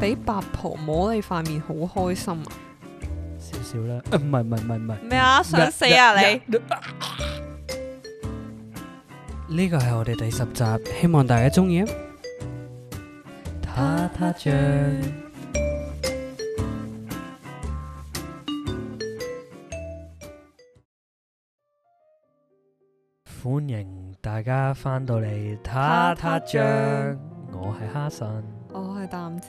俾八婆摸你塊面，好開心啊！少少啦，唔係唔係唔係唔係咩啊！想死啊，啊，啊你！呢個係我哋第十集，希望大家中意啊！他他醬歡迎大家翻到嚟，他他醬我係哈臣，我係淡子。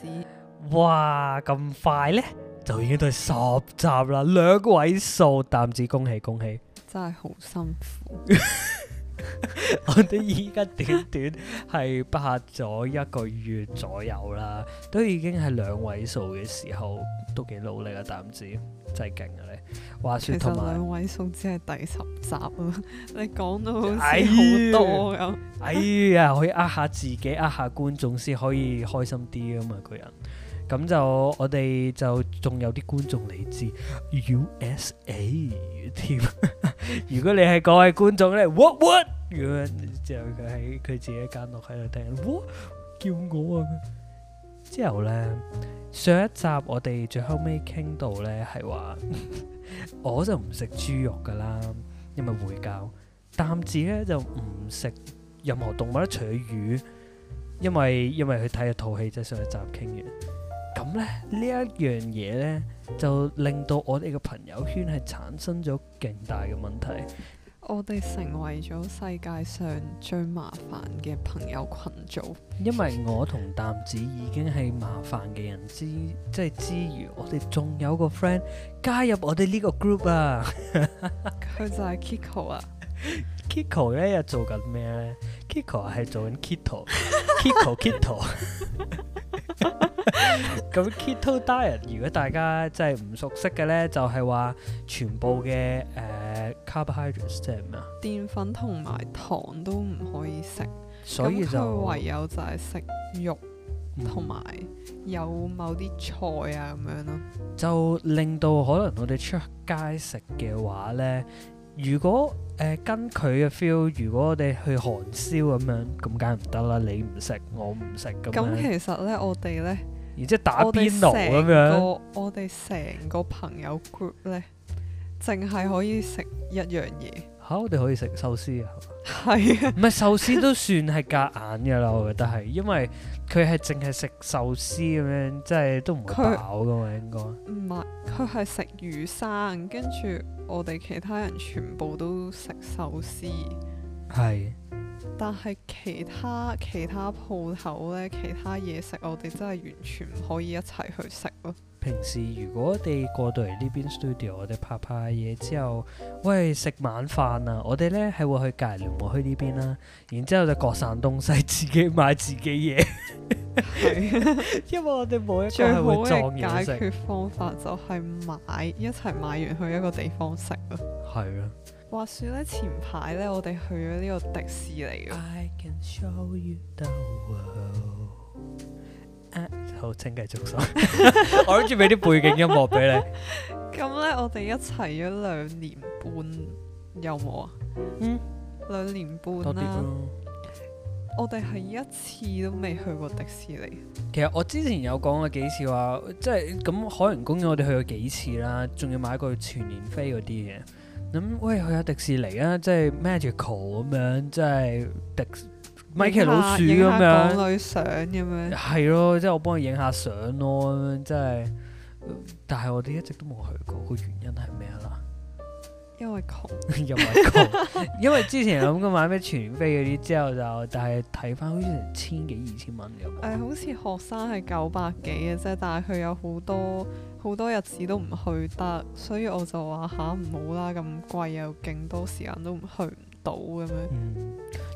哇！咁快呢，就已經到十集啦，兩位數彈子，恭喜恭喜！真係好辛苦。我哋依家短短係拍咗一個月左右啦，都已經係兩位數嘅時候，都幾努力啊！彈子真係勁啊！你話說同埋兩位數只係第十集咯，你講到好似好多啊！哎呀，可以呃下自己，呃下觀眾，先可以開心啲啊嘛，個人。咁就我哋就仲有啲觀眾嚟自 U.S.A. 添。 如果你係各位觀眾咧，what what 咁，之後佢喺佢自己間屋喺度聽，what 叫我啊。之後咧，上一集我哋最後尾傾到咧係話， 我就唔食豬肉㗎喇，因為回教。淡字咧就唔食任何動物，除咗魚。因為因為佢睇咗套戲，就上一集傾完。咁咧，呢一樣嘢呢，就令到我哋嘅朋友圈係產生咗勁大嘅問題。我哋成為咗世界上最麻煩嘅朋友群組。因為我同蛋子已經係麻煩嘅人之，即係之餘，我哋仲有個 friend 加入我哋呢個 group 啊。佢 就係 Kiko 啊。 Kiko 呢，又做緊咩咧？Kiko 係做緊 Kito。Kiko Kito。咁 keto diet 如果大家即係唔熟悉嘅咧，就係、是、話全部嘅誒、呃、carbohydrates 即係咩啊？澱粉同埋糖都唔可以食，所以佢唯有就係食肉同埋、嗯、有某啲菜啊咁樣咯。就令到可能我哋出街食嘅話咧，如果誒、呃、跟佢嘅 feel，如果我哋去韓燒咁樣，咁梗係唔得啦！你唔食，我唔食。咁其實咧，我哋咧。而即係打邊爐咁樣，我哋成個，我哋成個朋友 group 咧，淨係可以食一樣嘢嚇，我哋可以食壽司是啊，係啊，唔係壽司都算係夾硬嘅啦，我覺得係，因為佢係淨係食壽司咁樣，即係都唔佢飽唔會飽嘅嘛，應該唔係佢係食魚生，跟住我哋其他人全部都食壽司，係。但係其他其他鋪頭呢，其他嘢食我哋真係完全唔可以一齊去食咯平時如果我哋過到嚟呢邊 studio，我哋拍拍嘢之後，喂，食晚飯啊，我哋呢係會去隔籬去呢邊啦。然之後就各散東西，自己買自己嘢。係因為我哋冇一個冇一個解決方法就，就係買一齊買完去一個地方食咯係啊。話說咧，前排咧，我哋去咗呢個迪士尼嘅，啊。好，請繼續收。 我諗住俾啲背景音樂俾你。咁咧， 我哋一齊咗兩年半，有冇啊？嗯，兩年半啦。多啲我哋係一次都未去過迪士尼。其實我之前有講過幾次話，即係咁海洋公園，我哋去過幾次啦，仲要買一個全年飛嗰啲嘅。咁、嗯、喂，去下迪士尼啊，即係 magical 咁樣，即係迪米奇老鼠咁樣，影下港女相咁樣，係咯，即主係我幫佢影下相咯，咁樣，即係，但係我哋一直都冇去過，個原因係咩啦？因為窮，因為窮，因為之前諗緊買咩全飛嗰啲， 之後就但係睇翻好似成千幾二千蚊咁。誒、哎，好似學生係九百幾嘅啫，但係佢有好多好多日子都唔去得，所以我就話嚇唔好啦，咁貴又勁多時間都唔去唔到咁樣。嗯，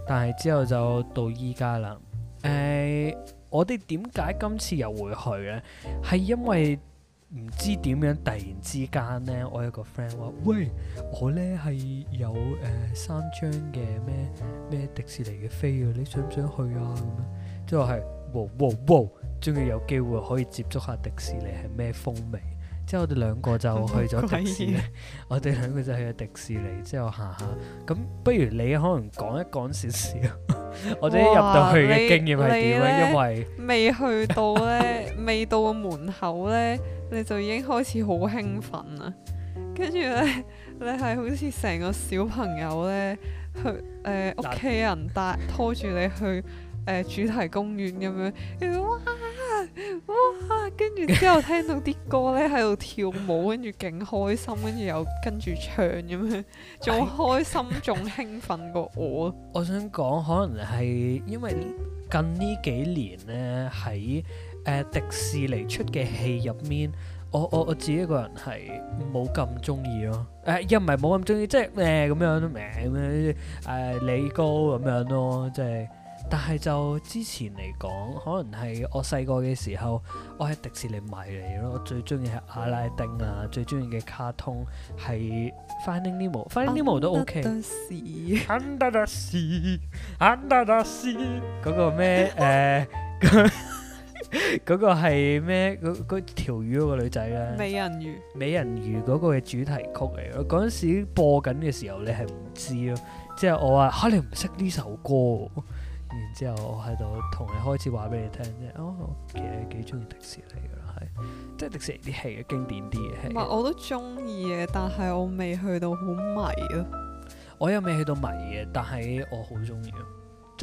但係之後就到依家啦。誒、哎，我哋點解今次又會去咧？係因為。唔知點樣突然之間呢，我有個 friend 話：喂，我呢係有誒、呃、三張嘅咩咩迪士尼嘅飛啊，你想唔想去啊？咁樣即係話係哇哇哇，終於有機會可以接觸下迪士尼係咩風味。之後我哋兩個就去咗迪士尼， 我哋兩個就去咗迪士尼。之 後行下，咁不如你可能講一講少少，哇 我哋一入到去嘅經驗係點呢？因為未去到呢，未到個門口呢。 你就已經開始好興奮喇。跟住咧，你係好似成個小朋友咧，去誒屋企人帶拖住你去誒、呃、主題公園咁樣，跟住哇哇，跟住之後聽到啲歌咧喺度跳舞，跟住勁開心，跟住又跟住唱咁樣，仲開心仲 興奮過我。我想講，可能係因為近呢幾年咧喺。誒、呃、迪士尼出嘅戲入面，我我我自己一個人係冇咁中意咯。誒、呃、又唔係冇咁中意，即係誒咁樣名咁樣誒李高咁樣咯，即、就、係、是。但係就之前嚟講，可能係我細個嘅時候，我係迪士尼迷嚟咯。我最中意係阿拉丁啊，最中意嘅卡通係 Finding Nemo，Finding Nemo 都 OK。安德烈斯，安德烈斯，嗰個咩誒？啊啊啊 嗰 個係咩？嗰嗰條魚嗰個女仔咧，啊，美人魚，美人魚嗰個嘅主題曲嚟咯。嗰陣時播緊嘅時候，你係唔知咯。之後我話吓，啊、你唔識呢首歌，然之後我喺度同你開始話俾你聽即哦，其、啊、實幾中意迪士尼噶咯，係即係迪士尼啲戲經典啲嘅戲。我都中意嘅，但係我未去到好迷咯。我又未去到迷嘅，但係我好中意。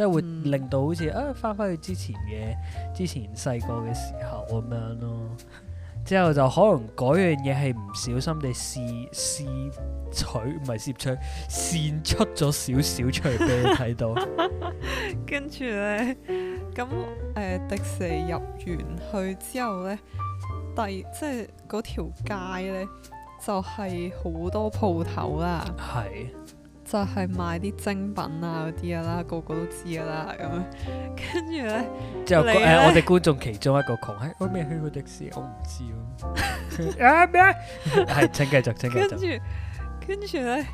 即係會令到好似啊翻翻去之前嘅之前細個嘅時候咁樣咯，之後就可能嗰樣嘢係唔小心地攝攝取，唔係攝取，閃出咗少少出嚟俾你睇到。跟住咧，咁、呃、誒迪士尼入完去之後咧，第即係嗰條街咧就係、是、好多鋪頭啦。係。就係賣啲精品啊，嗰啲啦，個個都知噶啦、啊，咁樣跟住咧就誒，我哋觀眾其中一個窮喺、哎，我未去過迪士尼我唔知咯、啊。係、 啊，請繼 續，請繼續。跟住，跟住咧，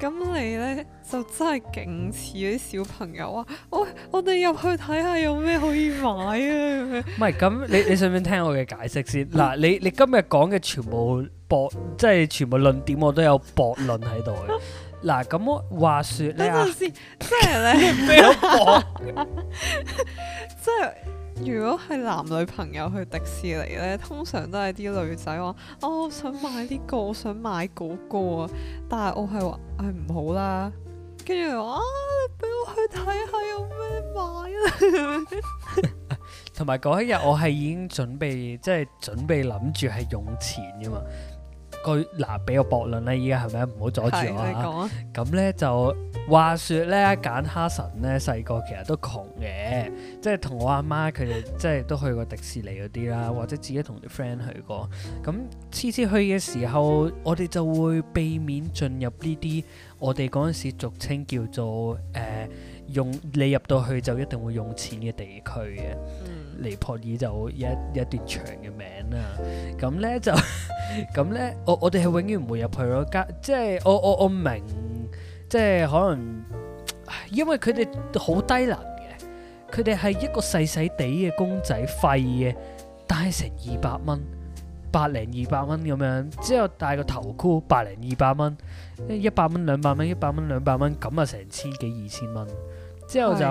咁你咧就真係勁似啲小朋友啊！我我哋入去睇下有咩可以買啊！咁樣唔係咁，你你想唔想聽我嘅解釋先嗱？ 你你今日講嘅全部駁，即、就、係、是、全部論點，我都有駁論喺度。 嗱咁，啊、我話說咧、啊，等陣先，即係咧，即係如果係男女朋友去迪士尼咧，通常都係啲女仔話，哦，我想買呢個，我想買嗰個啊！但係我係話，唉，唔好啦。跟住話啊，你俾我去睇下有咩買啊。同埋嗰一日我係已經準備，即係準備諗住係用錢噶嘛。嗱，俾個駁論啦，依家係咪唔好阻住我講！咁咧就話説咧，簡哈臣咧，細個其實都窮嘅，即係同我阿媽佢哋即係都去過迪士尼嗰啲啦，或者自己同啲 friend 去過。咁次次去嘅時候，我哋就會避免進入呢啲我哋嗰陣時俗稱叫做誒、呃用你入到去就一定會用錢嘅地區嘅，嗯、尼泊爾就有一一段長嘅名啦、啊。咁咧就咁咧， 我我哋係永遠唔會入去咯。加即係我我我明，即係可能因為佢哋好低能嘅，佢哋係一個細細地嘅公仔費嘅，帶成二百蚊。百零二百蚊咁樣，之後戴個頭箍，百零二百蚊，一百蚊兩百蚊，一百蚊兩百蚊，咁啊成千幾二千蚊。之後就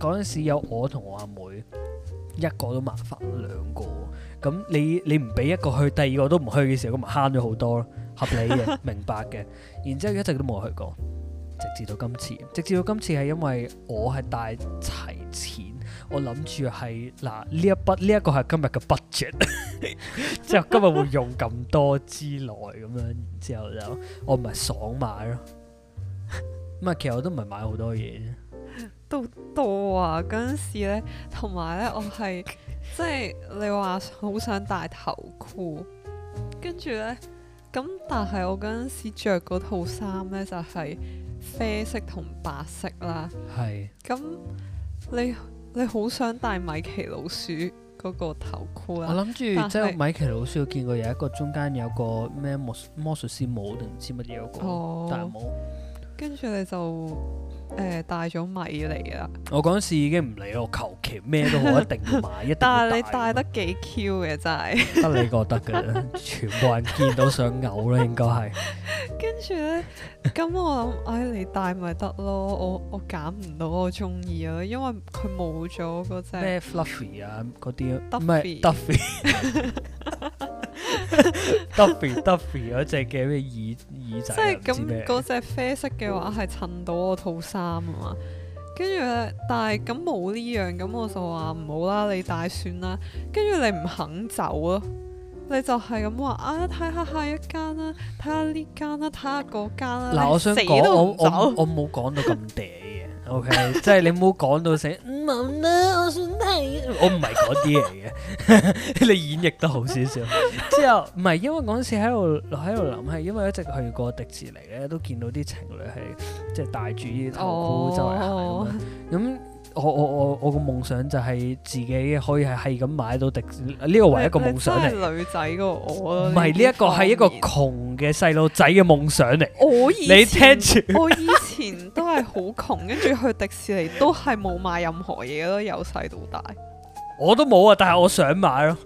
嗰陣是的 時有我同我阿妹，妹，一個都麻煩，兩個。咁你你唔俾一個去，第二個都唔去嘅時候，咁咪慳咗好多咯，合理嘅，明白嘅。 然之後一直都冇去過，直至到今次，直至到今次係因為我係帶齊錢。我諗住係嗱呢一筆呢一、這個係今日嘅 budget，之 後今日會用咁多之內咁樣，之 後就我唔係爽買咯。咁係，其實我都唔係買好多嘢都多啊！嗰陣時咧，同埋咧，我係 即係你話好想戴頭箍，跟住咧咁，但係我嗰陣時著嗰套衫咧就係、是、啡色同白色啦。係咁是你。你好想戴米奇老鼠嗰個頭箍啊！我諗住是即係米奇老鼠，我見過有一個中間有個咩魔魔術師帽定唔知乜嘢有個大帽，但係跟住你就。誒，戴咗、呃、米嚟啦！我嗰陣時已經唔理，我求其咩都好，一定要買，一定但係你戴得幾 Q 嘅真係，得、 啊、你覺得嘅，全部人見到想嘔啦，應該係。 跟住咧，咁我諗唉、哎，你戴咪得咯，我我揀唔到我中意啊，因為佢冇咗個即咩 fluffy 啊，嗰啲，唔係 Duffy。 Wuffy Duffy 嗰隻嘅咩耳耳仔，即係咁嗰隻啡色嘅話係襯到我套衫啊嘛，跟住咧，但係咁冇呢樣，咁我就話唔好啦，你戴算啦，跟住你唔肯走啊，你就係咁話啊，睇下下一間啦，睇下呢間啦，睇下嗰間啦，嗱，我想講我我冇講到咁嗲。 OK，即係你唔好講到成唔好啦，我算係，我唔係嗰啲嚟嘅。你演繹得好少少。之後唔係，因為嗰陣時喺度，喺度諗，係因為一直去過迪士尼咧，都見到啲情侶係即係戴住啲頭箍周圍行。咁我我我我個夢想就係自己可以係係咁買到迪士尼，呢個為一個夢想嚟。女仔個我，唔係呢一個係一個窮嘅細路仔嘅夢想嚟。我以你聽住。都係好窮，跟住去迪士尼都係冇買任何嘢咯，由細到大。我都冇啊，但係我想買咯。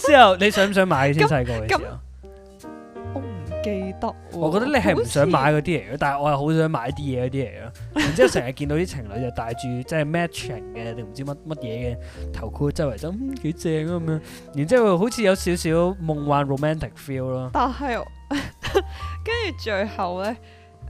之後你想唔想買？先細個嘅時候， 嗯嗯、我唔記得。我覺得你係唔想買嗰啲嚟嘅，像但係我又好想買啲嘢嗰啲嚟嘅。然之後成日見到啲情侶就戴住即係 matching 嘅，定唔 知乜乜嘢嘅頭箍，周圍就嗯幾正咁樣。然之後好似有少少夢幻 romantic feel 咯。但係跟住最後咧。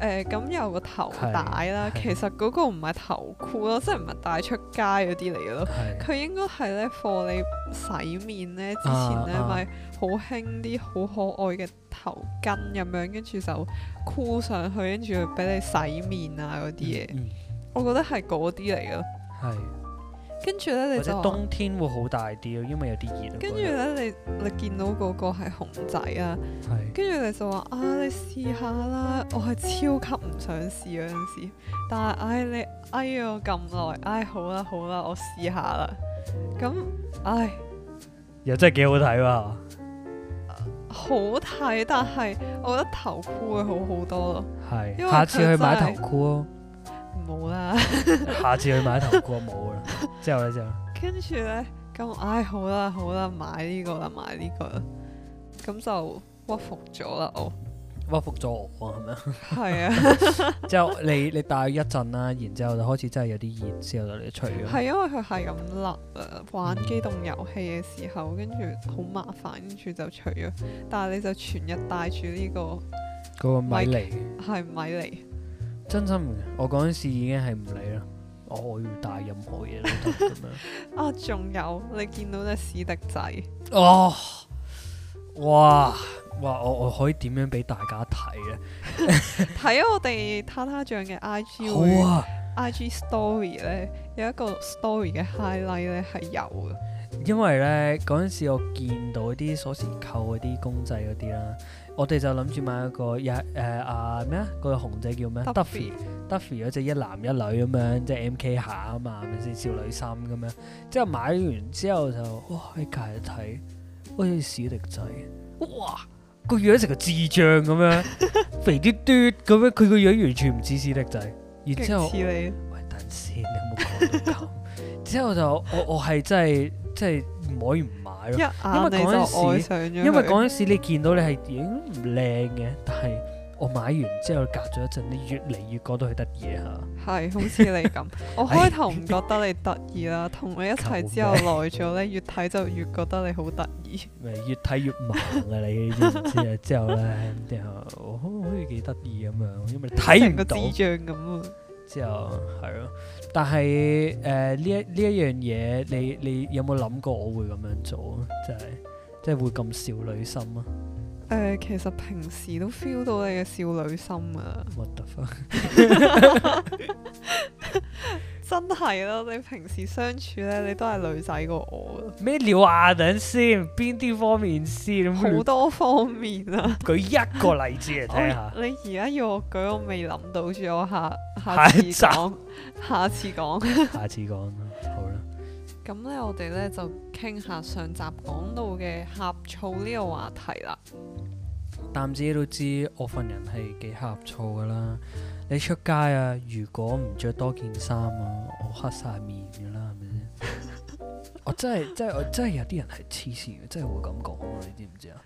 誒咁、呃、有個頭帶啦，其實嗰個唔係頭箍咯，即係唔係戴出街嗰啲嚟嘅咯。佢是應該係咧 for 你洗面咧之前咧，咪好興啲好可愛嘅頭巾咁樣，跟住就箍上去，跟住俾你洗面啊嗰啲嘢。嗯嗯、我覺得係嗰啲嚟嘅咯。係。跟住咧，你就冬天會好大啲咯，因為有啲熱。跟住咧，你你見到嗰個係熊仔啊，跟住是你就話啊，你試下試，哎你哎哎，啦，我係超級唔想試嗰陣時，但係唉你唉我咁耐，唉好啦好啦，我試下啦，咁，嗯，唉，哎，又真係幾好睇哇，啊，好睇，但係我覺得頭箍會好好多咯，係是，因為下次去買頭箍咯，喔。冇啦，沒 下次去買頭國冇啦，之後咧就跟住咧咁，唉好啦好啦買呢個啦，買呢個啦，咁就屈服咗啦，我屈服咗，我係咪是啊？係啊，之後你你戴一陣啦，然之後就開始真係有啲熱，之後就嚟除咗。係因為佢係咁甩啊，玩機動遊戲嘅時候，嗯，跟住好麻煩，跟住就除咗，但係你就全日戴住呢個嗰個米尼係米尼。真心嘅，我嗰陣時已經係唔理啦，哦，我我要帶任何嘢都得咁樣。 啊，仲有你見到隻史迪仔，哦，哇哇，我我可以點樣俾大家睇咧？睇 我哋塌塌醬嘅 I G，好啊，I G Story 咧有一個 Story 嘅 Highlight 咧係有嘅。因為咧嗰陣時我見到啲鎖匙扣嗰啲公仔嗰啲啦，我哋就諗住買一個，又誒啊咩啊，啊嗰個熊仔叫咩？Duffy，Duffy 嗰隻一男一女咁樣，即係 M.K. 下啊嘛，係咪先少女心咁樣？之後買完之後就哇隔日睇好似史迪仔，哇，個樣成個智障咁樣， 肥嘟嘟咁樣，佢個樣完全唔似史迪仔。然之後我喂，等先，你有冇講咁多？之後就我我係真係。 即係唔可以唔買咯，眼你因為嗰陣時，因為嗰陣時你見到你係已經唔靚嘅，但係我買完之後隔咗一陣，你越嚟越覺得佢得意呀。係 好似你咁，我開頭唔覺得你得意啦，同 唉你一齊之後耐咗咧， 越睇就越覺得、啊、你好得意。越睇越盲啊你！之後咧， 然後我好似幾得意咁樣，因為你睇唔到紙張咁咯。之後係咯。但係誒呢一呢一樣嘢，你你有冇諗過我會咁樣做啊？即係即係會咁少女心啊！誒、呃，其實平時都 feel 到你嘅少女心啊！核突啊？真係咯，你平時相處咧，你都係女仔過我。咩料啊？等，等先，邊啲方面先？好 多方面啊！舉一個例子嚟睇下。 你而家要我舉，我未諗到，所以我下下次講，下次講，下，集下次講。 咁咧，我哋咧就傾下上集講到嘅呷醋呢個話題啦。啖子都知我份人係幾呷醋噶啦，你出街啊，如果唔着多件衫啊，我黑晒面噶啦，係咪先？我真係真係我真係有啲人係黐線嘅，真係會咁講，你知唔知啊？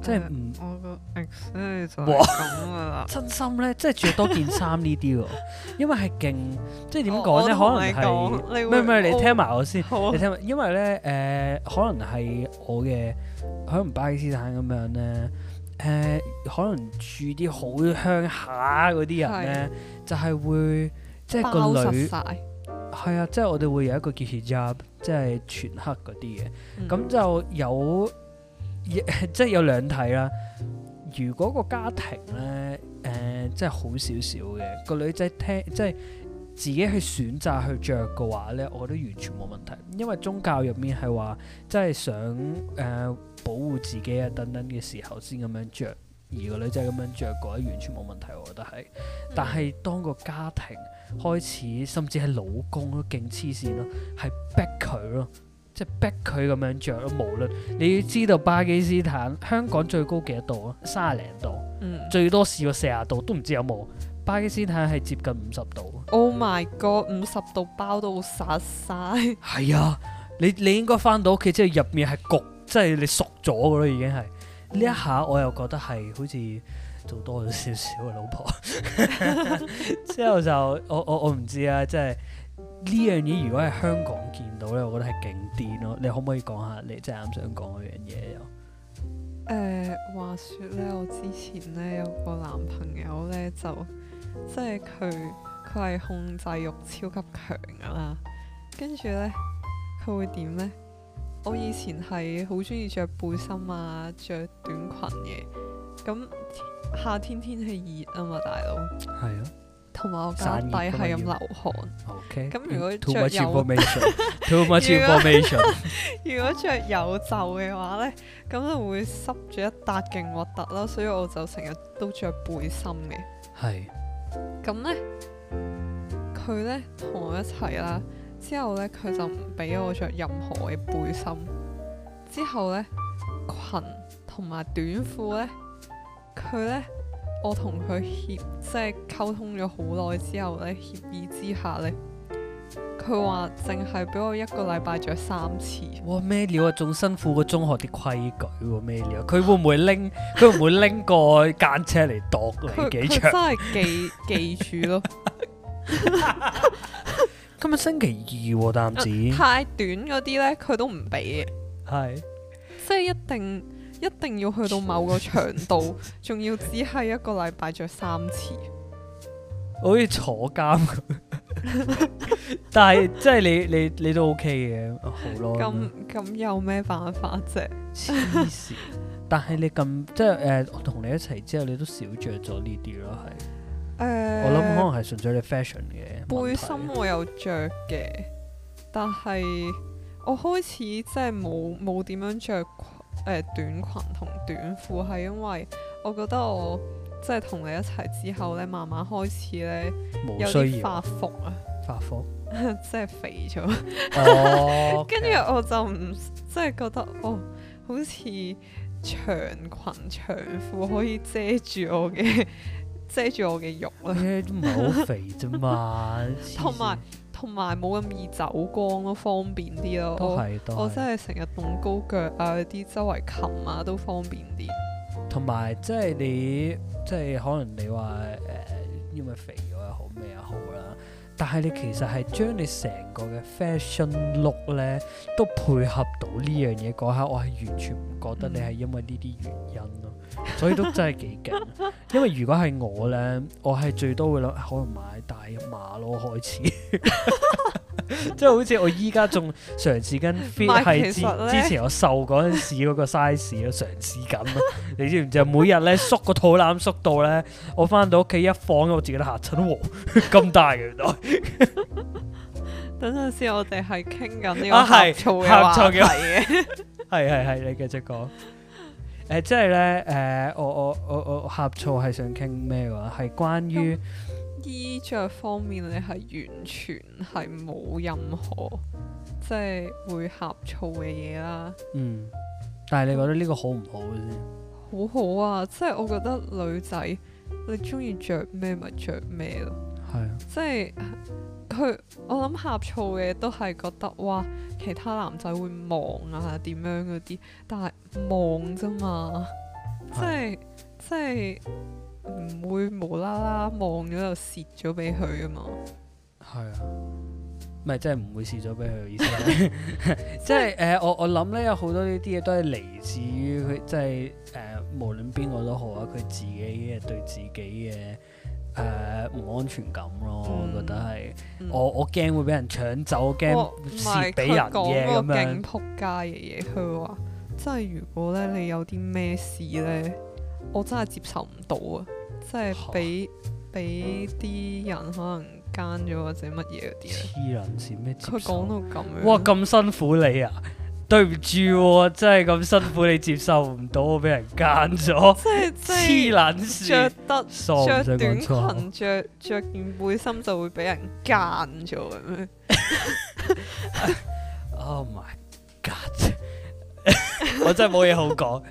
即係唔，我個 ex 就咁㗎啦真心咧，即係着多件衫呢啲咯，因為係勁， 即係點講咧，可能係咩咩？你聽埋我先，你聽埋，因為咧，誒，可能係我嘅，可能巴基斯坦咁樣咧，誒、呃，可能住啲好鄉下嗰啲人咧，的就係會即係個女，係啊，即係我哋會有一個 Hijab，即係全黑嗰啲嘅，咁、嗯、就有。 即係有兩睇啦。如果個家庭咧，誒、呃，即係好少少嘅個女仔聽，即係自己去選擇去着嘅話咧，我覺得完全冇問題。因為宗教入面係話，即係想誒、呃、保護自己啊等等嘅時候先咁樣着，而個女仔咁樣着嗰，完全冇問題，我覺得係。但係當個家庭開始甚至係老公都勁黐線咯，係逼佢咯。即係逼佢咁樣着咯，無論你要知道巴基斯坦香港最高幾多，多度啊？三十零度，最多試過四十度都唔知有冇。巴基斯坦係接近五十度。Oh my god！五十度包到殺晒！係啊，你你應該返到屋企之後入面係焗，即係你熟咗㗎咯，已經係呢一下我又覺得係好似做多咗少少嘅老婆。之 後就我我我唔知啊，即係。呢樣嘢如果喺香港見到咧，我覺得係勁癲咯！你可唔可以講下你即係啱想講嗰樣嘢又？誒、呃，話説話說咧，我之前咧有個男朋友咧，就即係佢佢係控制欲超級強噶啦，跟住咧佢會點咧？我以前係好中意着背心啊，着短裙嘅，咁夏天天氣熱啊嘛，大佬。係啊。同埋我腳底係咁流汗，咁、okay. 嗯、如果着有， 如果著 有袖嘅話咧，咁就會濕住一笪勁核突咯，所以我就成日都着背心嘅。係咁咧，佢咧同我一齊啦，之後咧佢就唔俾我着任何嘅背心，之後咧裙同埋短褲咧，佢咧。我同佢協即係溝通咗好耐之後咧，協議之下咧，佢話淨係俾我一個禮拜着三次。哇咩料啊，仲辛苦過中學啲規矩喎咩料？佢會唔會拎佢 會唔會拎個間尺嚟度你幾長？佢真係記記住咯。今日星期二，但唔止。太短嗰啲咧，佢都唔俾。係是，即係一定。一定要去到某個長度，仲要只係一個禮拜着三次，好似坐監。但係即係你你你都 OK 嘅，好咯。咁咁有咩辦法啫？黐線！但係你咁即係誒，我同你一齊之後，你都少着咗呢啲咯，係誒，我諗可能係純粹你 fashion 嘅背心，我有着嘅，但係我開始即係冇冇點樣着誒、呃，短裙同短褲係因為我覺得我即係同你一齊之後咧，慢慢開始咧有啲發福啊，發福，即係肥咗。跟住我就唔即係覺得哦，好似長裙長褲可以遮住我嘅遮住我嘅肉啦。唔係好肥啫嘛，同埋 同埋冇咁易走光咯，方便啲咯。我我真係成日棟高腳啊，啲周圍擒啊都方便啲。同埋、啊、即係你即係可能你話誒、呃，因為肥咗又好咩又好啦。但係你其實係將你成個嘅 fashion look 咧都配合到呢樣嘢，嗰刻，我係完全唔覺得你係因為呢啲原因。嗯所以都真係幾勁，因為如果係我咧，我係最多會諗可能買大碼咯開始，呵呵，即係好似我依家仲嘗試跟 fit 係之前我瘦嗰陣時嗰個 size 咯嘗試緊咯，你知唔知啊？每日咧縮個肚腩縮到咧，我翻到屋企一放，我自己都嚇親，哇咁大嘅袋！等陣先，我哋係傾緊呢個呷醋嘅話題，係係係，你繼續講。誒即係咧，誒我我我我呷醋係想傾咩話？係關於衣着方面，你係完全係冇任何即係會呷醋嘅嘢啦。嗯，但係你覺得呢個好唔好先，嗯？好好啊！即係我覺得女仔你中意着咩咪着咩咯。係啊， 即係佢，我諗呷醋嘅都係覺得哇，其他男仔會望啊，點樣嗰啲，但係望啫嘛，即係即係唔會無啦啦望咗就蝕咗俾佢啊嘛，係啊，唔係即係唔會蝕咗俾佢嘅意思，即係誒、呃，我我諗咧有好多呢啲嘢都係嚟自於佢，即係誒，無論邊個都好啊，佢自己嘅對自己嘅。誒唔、uh, 安全感咯，我覺得係我我驚會俾人搶走，驚蝕俾人嘅咁樣仆街嘅嘢。佢話即係如果咧你有啲咩事咧，嗯、我真係接受唔到啊！嗯、即係俾俾啲人可能奸咗或者乜嘢嗰啲黐人線咩？佢講到咁樣哇咁辛苦你啊！ 對唔住、哦，真係咁辛苦，你接受唔到我俾人奸咗， 真係黐捻線，着得，着傻瓜短裙，着着件背心就會俾人奸咗咁樣。Oh my God！ 我真係冇嘢好講。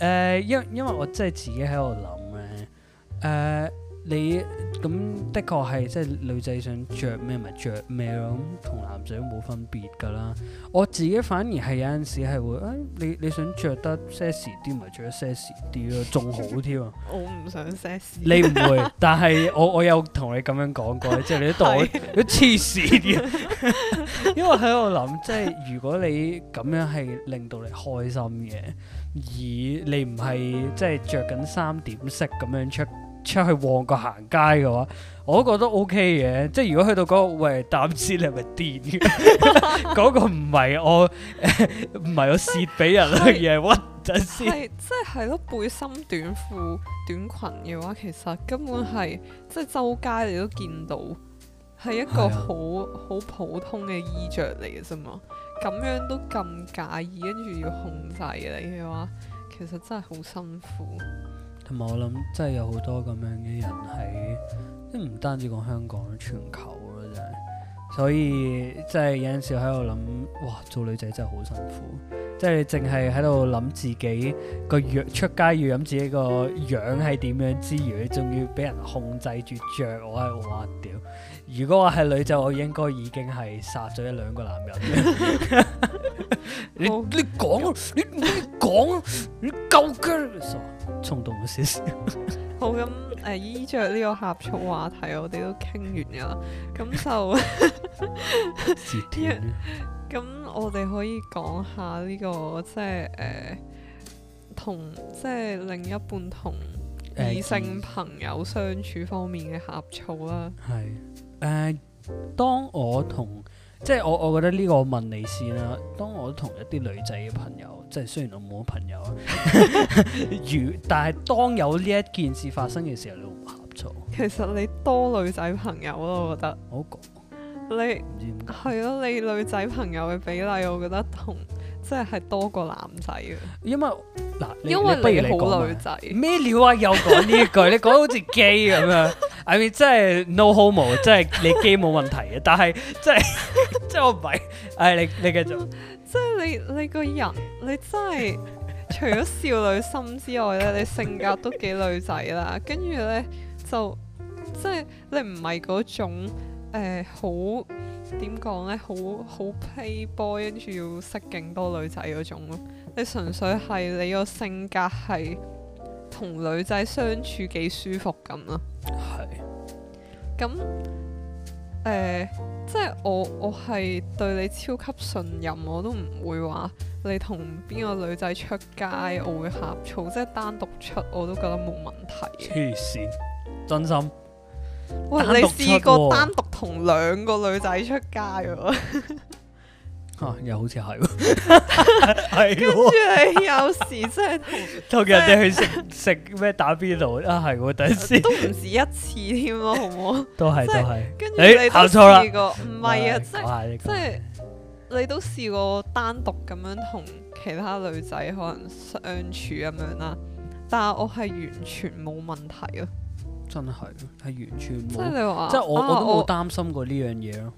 誒、 uh,，因因為我真係自己喺度諗咧，誒、uh,。你咁的確係即係女仔想着咩咪着咩咯，咁同男仔都冇分別噶啦。我自己反而係有陣時係會，誒、哎、你你想着得 sexy 啲咪着得 sexy 啲咯，仲好添啊！ 我唔想 sexy。你唔會，但係我我有同你咁樣講過， 即係你都當 你黐線啲。 因為喺我諗，即係如果你咁樣係令到你開心嘅，而你唔係即係着緊三點式咁樣出。出去旺角行街嘅話，我都覺得 OK 嘅。即係如果去到嗰、那個喂，擔心你係咪癲嘅？嗰 個唔係我，唔、呃、係我蝕俾人啊， 是而係屈陣先。係 即係係咯，背心、短褲、短裙嘅話，其實根本係、嗯、即係周街你都見到，係一個好好 普通嘅衣着嚟嘅啫嘛。咁樣都咁介意，跟住要控制你嘅話，其實真係好辛苦。我諗真係有好多咁樣嘅人喺，即唔單止講香港，全球咯真係。所以即係有陣時喺度諗，哇，做女仔真係好辛苦，即係淨係喺度諗自己個樣、樣，出街要諗自己個樣係點樣之馀，你仲要俾人控制住着我，哇屌！如果我係女仔，我應該已經係殺咗一兩個男人。 你你講啊，你你講啊，你夠薑！你衝動咗少少。好咁，誒、呃，衣着呢個呷醋話題我，我哋都傾完噶啦。咁就，咁我哋可以講下呢、這個即係誒、呃，同即係另一半同異性朋友相處方面嘅呷醋啦。係誒、呃，當我同即係我，我覺得呢個問你先啦。當我同一啲女仔嘅朋友。即係雖然我冇乜朋友，如 但係當有呢一件事發生嘅時候，你會唔合作。其實你多女仔朋友咯，我覺得。我覺說你係咯，你女仔朋友嘅比例，我覺得同即係多過男仔啊。因為嗱，因為,啦因為你,你,你好女仔，咩料啊？又講呢一句， 你講得好似 gay 咁樣。I mean，即係 no homo，即係你 gay 冇問題嘅，但係即係即係我唔係。誒，你你繼續。即係你你個人，你真係除咗少女心之外咧，你性格都幾女仔啦。跟住咧就即係你唔係嗰種誒，好點講咧，好呢好，好 playboy 跟住要識勁多女仔嗰種咯。你純粹係你個性格係同女仔相處幾舒服咁咯。係、嗯。咁。誒、呃，即係我我係對你超級信任，我都唔會話你同邊個女仔出街，我會呷醋，即係單獨出我都覺得冇問題。黐線，真心。喂哇，你試過單獨同兩個女仔出街？ 又好似係喎，係跟住係有時真係同人哋去食食咩打邊爐啊，係喎，第一次都唔止一次添咯，好唔好？都係都係，跟住你搞錯啦，唔係啊，即係即係你都試過單獨咁樣同其他女仔可能相處咁樣啦，但係我係完全冇問題啊，真係，係完全冇，即係我我都冇擔心過呢樣嘢咯。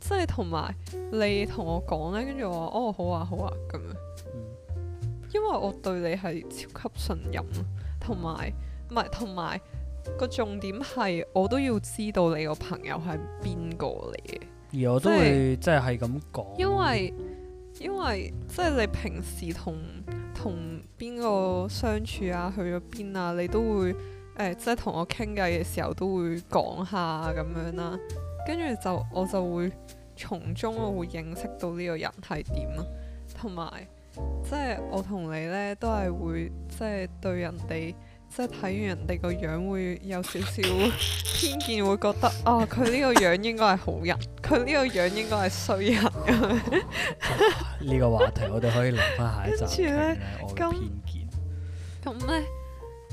即係同埋你同我講咧，跟住我話哦好啊好啊咁樣，嗯，因為我對你係超級信任，同埋唔係，同埋個重點係我都要知道你個朋友係邊個嚟嘅，而我都會即係咁講，因為因為即係你平時同同邊個相處啊，去咗邊啊，你都會誒即係同我傾偈嘅時候都會講下咁樣啦啊。跟住就我就會從中我會認識到呢個人係點啊，同埋即係我同你呢都係會即係對人哋即係睇完人哋個樣會有少少偏見，會覺得啊佢呢個樣應該係好人，佢呢個樣應該係衰人咁樣。呢個話題我哋可以留翻下一集傾下我偏見。嗯嗯嗯嗯。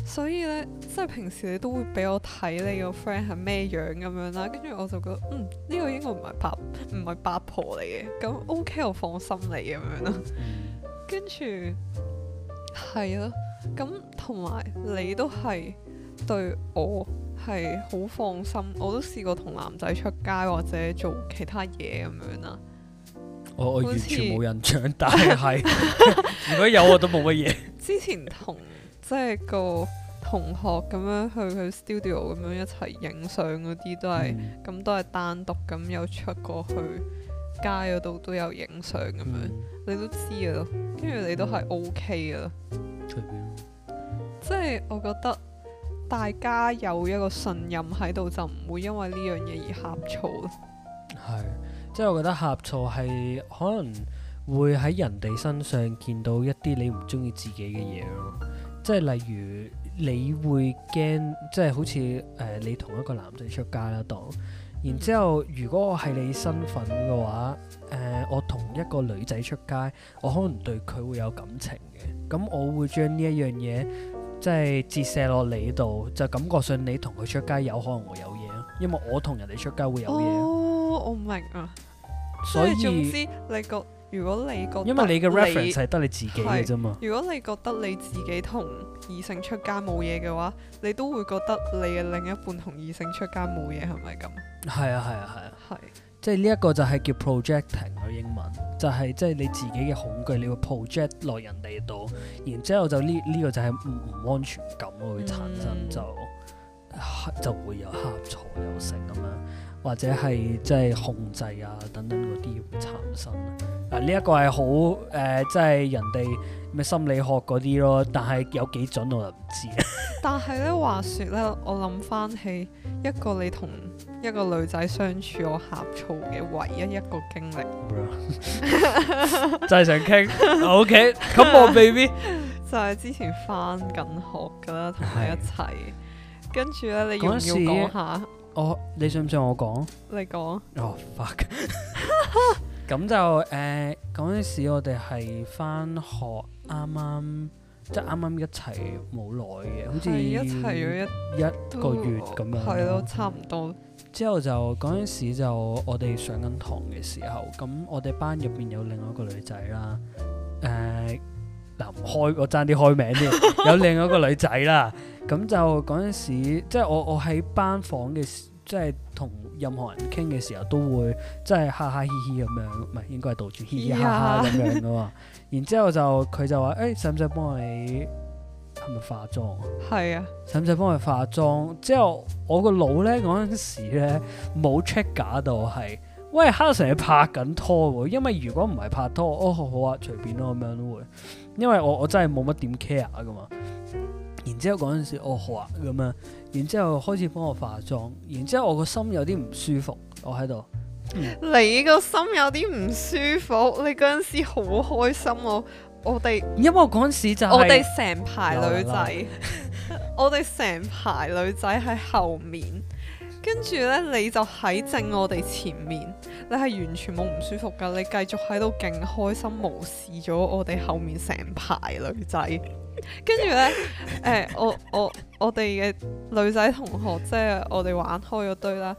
所以咧，即係平時你都會俾我睇你個 friend 係咩樣咁樣啦，跟住我就覺得，嗯，呢個應該唔係八唔係八婆嚟嘅，咁 OK，我放心你咁樣咯。跟住係囉，咁同埋你都係對我係好放心，我都試過同男仔出街或者做其他嘢咁樣啦。我以前冇人長大係， 如果有我都冇乜嘢。之前同。即係個同學咁樣去去 studio 咁樣一齊影相嗰啲，嗯、都係咁，都係單獨咁有出過去街嗰度都有影相咁樣，嗯、你都知嘅咯。跟住你都係 OK 嘅咯。嗯嗯嗯、即係我覺得大家有一個信任喺度，就唔會因為呢樣嘢而呷醋咯。係即係我覺得呷醋係可能會喺人哋身上見到一啲你唔中意自己嘅嘢咯。即係例如你、即係呃，你會驚，即係好似誒，你同一個男仔出街啦，當然之後，如果我係你身份嘅話，誒、呃，我同一個女仔出街，我可能對佢會有感情嘅。咁我會將呢一樣嘢，即係折射落你度，就感覺上你同佢出街有可能會有嘢，因為我同人哋出街會有嘢。哦，我唔明啊，所以總之你個。如果你覺你因為你嘅 reference 係得你，你自己嘅啫嘛。如果你覺得你自己同異性出街冇嘢嘅話，嗯、你都會覺得你嘅另一半同異性出街冇嘢，係咪咁？係啊，係啊，係啊。係是。即係呢一個就係叫 projecting 啊，英文就係即係你自己嘅恐懼，你要 project 落人哋度，然之後就呢呢、呢個就係唔唔安全感會產生，嗯、就就會有呷醋有成咁樣。或者係即係控制啊，等等嗰啲會產生啊！呢、這、一個係好誒，即、呃、係人哋咩心理學嗰啲咯，但係有幾準我就唔知。但係咧，話說咧，我諗翻起一個你同一個女仔相處我呷醋嘅唯一一個經歷，就係想傾。OK，咁我 baby 就係之前翻緊學噶啦，同你一齊，是跟住咧，你要唔要講下？Oh, 你信信我，你想唔想我講？你講，oh, fuck. 我、呃、fuck。咁就誒，嗰陣時我哋係返學啱啱，啱啱即係啱啱一齊冇耐嘅，好似一齊咗一一個月咁樣。係咯，差唔多。之後就嗰陣時就我哋上緊堂嘅時候，咁我哋班入邊有另外一個女仔啦。誒、呃，嗱、啊，唔開我爭啲開名添， 有另外一個女仔啦。咁就嗰陣時,時，即係我我喺班房嘅時，即係同任何人傾嘅時候，都會即係哈哈嘻嘻咁樣，唔係應該係到處嘻嘻哈哈咁樣噶嘛。 然之後就佢就話：，誒、欸，使唔使幫你係咪化妝？係是啊，使唔使幫佢化妝？之後我個腦咧嗰陣時咧冇 check 假到係，喂，哈臣成日拍緊拖喎。因為如果唔係拍拖，哦好啊，隨便咯咁樣都會。因為我我真係冇乜點 care 噶嘛。然之後嗰陣時，哦，好啊咁樣，然之後開始幫我化妝，然之後我個心有啲唔舒服，我喺度。嗯、你個心有啲唔舒服，你嗰陣時好開心喎，哦！我哋因為我嗰陣時就係、是、我哋成排女仔，啦 我哋成排女仔喺後面。跟住呢，你就喺正我哋前面，你係完全冇唔舒服噶，你繼續喺度勁開心，無視咗我哋後面成排女仔。跟住呢，誒、 欸，我我我哋嘅女仔同學，即係我哋玩開嗰堆啦，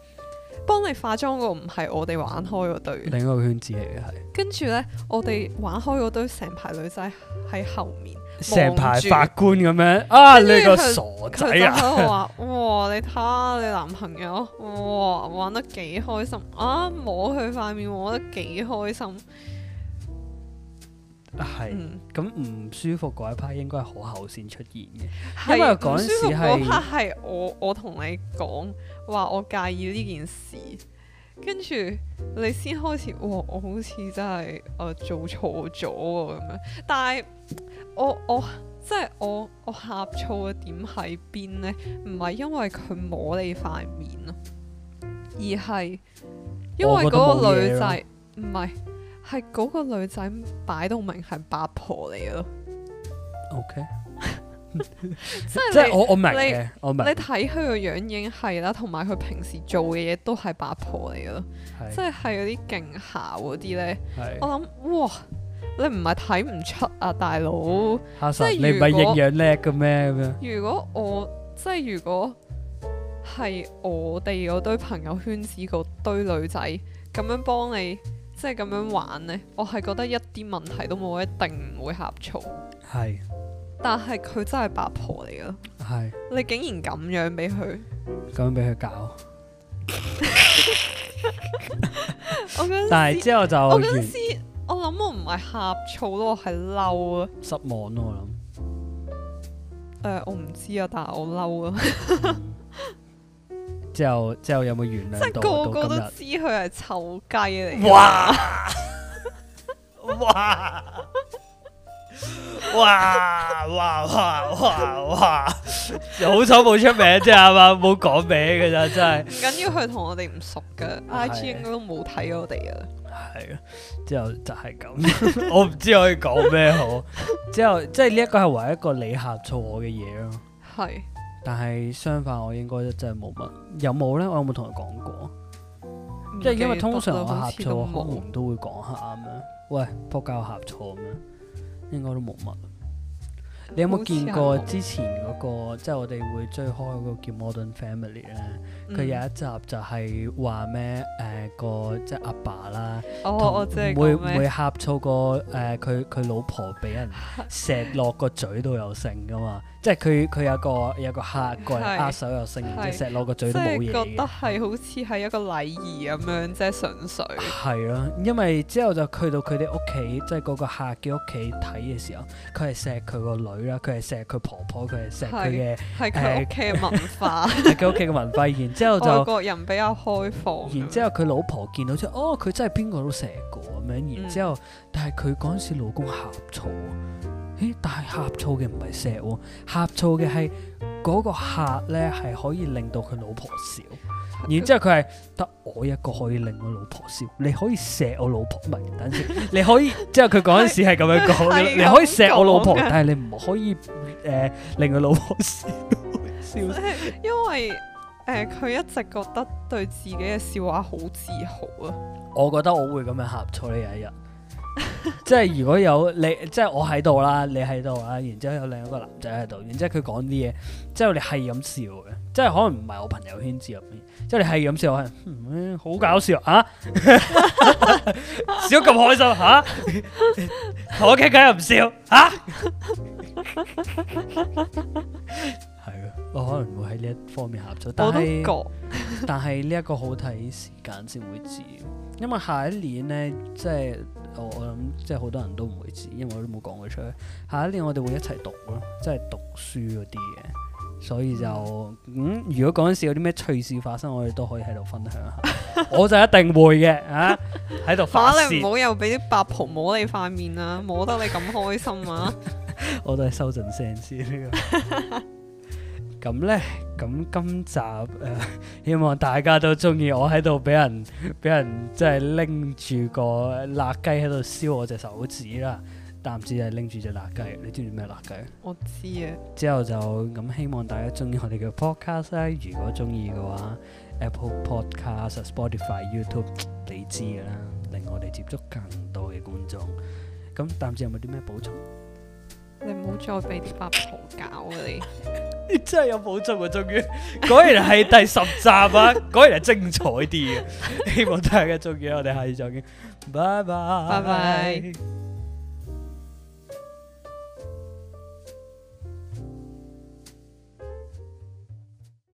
幫你化妝個唔係我哋玩開嗰堆，另一個圈子嚟嘅係跟住呢，我哋玩開嗰堆成排女仔喺後面。成排法官咁樣啊！你個傻仔啊我！佢喺度話：哇！你睇下你男朋友，哇玩得幾開心啊！摸佢塊面摸得幾開心。係咁唔舒服嗰一 part 應該係好後先出現嘅。的因為嗰時嗰 part 係我我同你講話我介意呢件事。嗯跟住你先開始，哇！我好似真係誒、呃、做錯咗喎咁樣，但係我我即係我我呷醋嘅點喺邊呢？唔係因為佢摸你塊面咯，而係因為嗰個女仔唔係係嗰個女仔擺到明係八婆嚟嘅咯。OK。 即係你我我明，我明你睇佢個樣已經係啦，同埋佢平時做嘅嘢都係八婆嚟咯，是即係係啲勁姣嗰啲呢，是我諗哇，你唔係睇唔出啊，大佬！神即係你唔係一樣叻嘅咩？如果，我即係如果係我哋嗰堆朋友圈子嗰堆女仔咁樣幫你，即係咁樣玩呢，我係覺得一啲問題都冇，一定唔會呷醋。係。但係佢真係八婆嚟咯，係你竟然咁樣俾佢，咁樣俾佢搞。我但係之後就我嗰時，我諗我唔係呷醋咯，我係嬲啊，失望咯，我諗。誒，我唔知啊，但係我嬲啊。之後之後有冇原諒到？即係個個都知佢係臭雞嚟。哇！哇！哇哇哇哇哇，又好彩冇出名啫，係嘛冇講名噶咋，真係唔緊要。佢同我哋唔熟噶，I G 應該都冇睇我哋啊。係啊，之後就係咁。我唔 知可以講咩好。之後即係呢一個係唯一一個你呷醋我嘅嘢咯。係是。但係相反，我應該真係冇乜。有冇咧？我有冇同佢講過？即係因為通常我呷醋，嗯、可能都會講下啱咩？喂，撲街，我呷醋咩？應該都冇乜。啊、你有冇見過之前嗰、嗰個，像即係我哋會追開嗰個叫 Modern Family 咧？佢、嗯、有一集就係話咩誒個即阿爸，爸啦，唔會唔會呷醋個，誒佢佢老婆俾人錫落個嘴都有聲㗎嘛， 即係佢佢有個有個客個人握手有聲，即係錫落個嘴都冇嘢。覺得係好似係一個禮儀咁樣，即係 純粹。係咯、啊，因為之後就去到佢哋屋企，即係嗰個客嘅屋企睇嘅時候，佢係錫佢個女啦，佢係錫佢婆婆，佢係錫佢嘅係佢屋企嘅文化，佢屋企嘅文化之後就外國人比較開放。然之後佢老婆見到之後，哦，佢真係邊個都錫過咁樣。然之後，嗯、但係佢嗰陣時老公呷醋。咦？但係呷醋嘅唔係錫喎，呷醋嘅係嗰個客咧係可以令到佢老婆笑。嗯、然之後佢係得我一個可以令我老婆笑。你可以錫我老婆，唔等陣先。你可以，即係佢嗰陣時係咁樣講，你可以錫、就是、 我老婆， 但係你唔可以誒、呃、令佢老婆笑笑，笑。 因為誒，佢、嗯、一直覺得對自己嘅笑話好自豪啊！我覺得我會咁樣呷醋呢一日， 即係如果有你，即係我喺度啦，你喺度啊，然之後有另一個男仔喺度，然之後佢講啲嘢，之後你係咁笑嘅，即係可能唔係我朋友圈子入面，即係你係咁笑，嗯欸、笑，係，好搞笑啊！笑咁開心吓，同、啊、 我傾偈又唔笑吓。啊 我可能會喺呢一方面合作，但係，但係呢一個好睇時間先會知，因為下一年呢，即係我我諗，即係好多人都唔會知，因為我都冇講佢出去。下一年我哋會一齊讀咯，即係讀書嗰啲嘢，所以就咁、嗯。如果嗰陣時有啲咩趣事發生，我哋都可以喺度分享下。 我就一定會嘅嚇，喺、啊、度。反唔好又俾啲八婆摸你塊面啊！摸得你咁開心啊！ 我都係收陣聲先。 咁咧，咁今集誒、呃，希望大家都中意我喺度俾人俾人即係拎住個辣雞喺度燒我隻手指啦。啖字係拎住隻辣雞，你知唔知咩辣雞？我知啊。之後就咁，希望大家中意我哋嘅 podcast。如果中意嘅話，Apple Podcast、Spotify、YouTube，你知㗎啦，令我哋接觸更多嘅觀眾。咁啖字有冇啲咩補充？你唔好再俾啲八婆搞 啊！你，你真係有補足啊！終於，果然係第十集啊！ 果然係精彩啲啊！希望大家鍾意，我哋下次再見，拜拜拜拜。Bye bye